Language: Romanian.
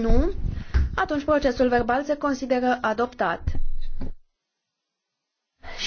Nu? Atunci procesul verbal se consideră adoptat.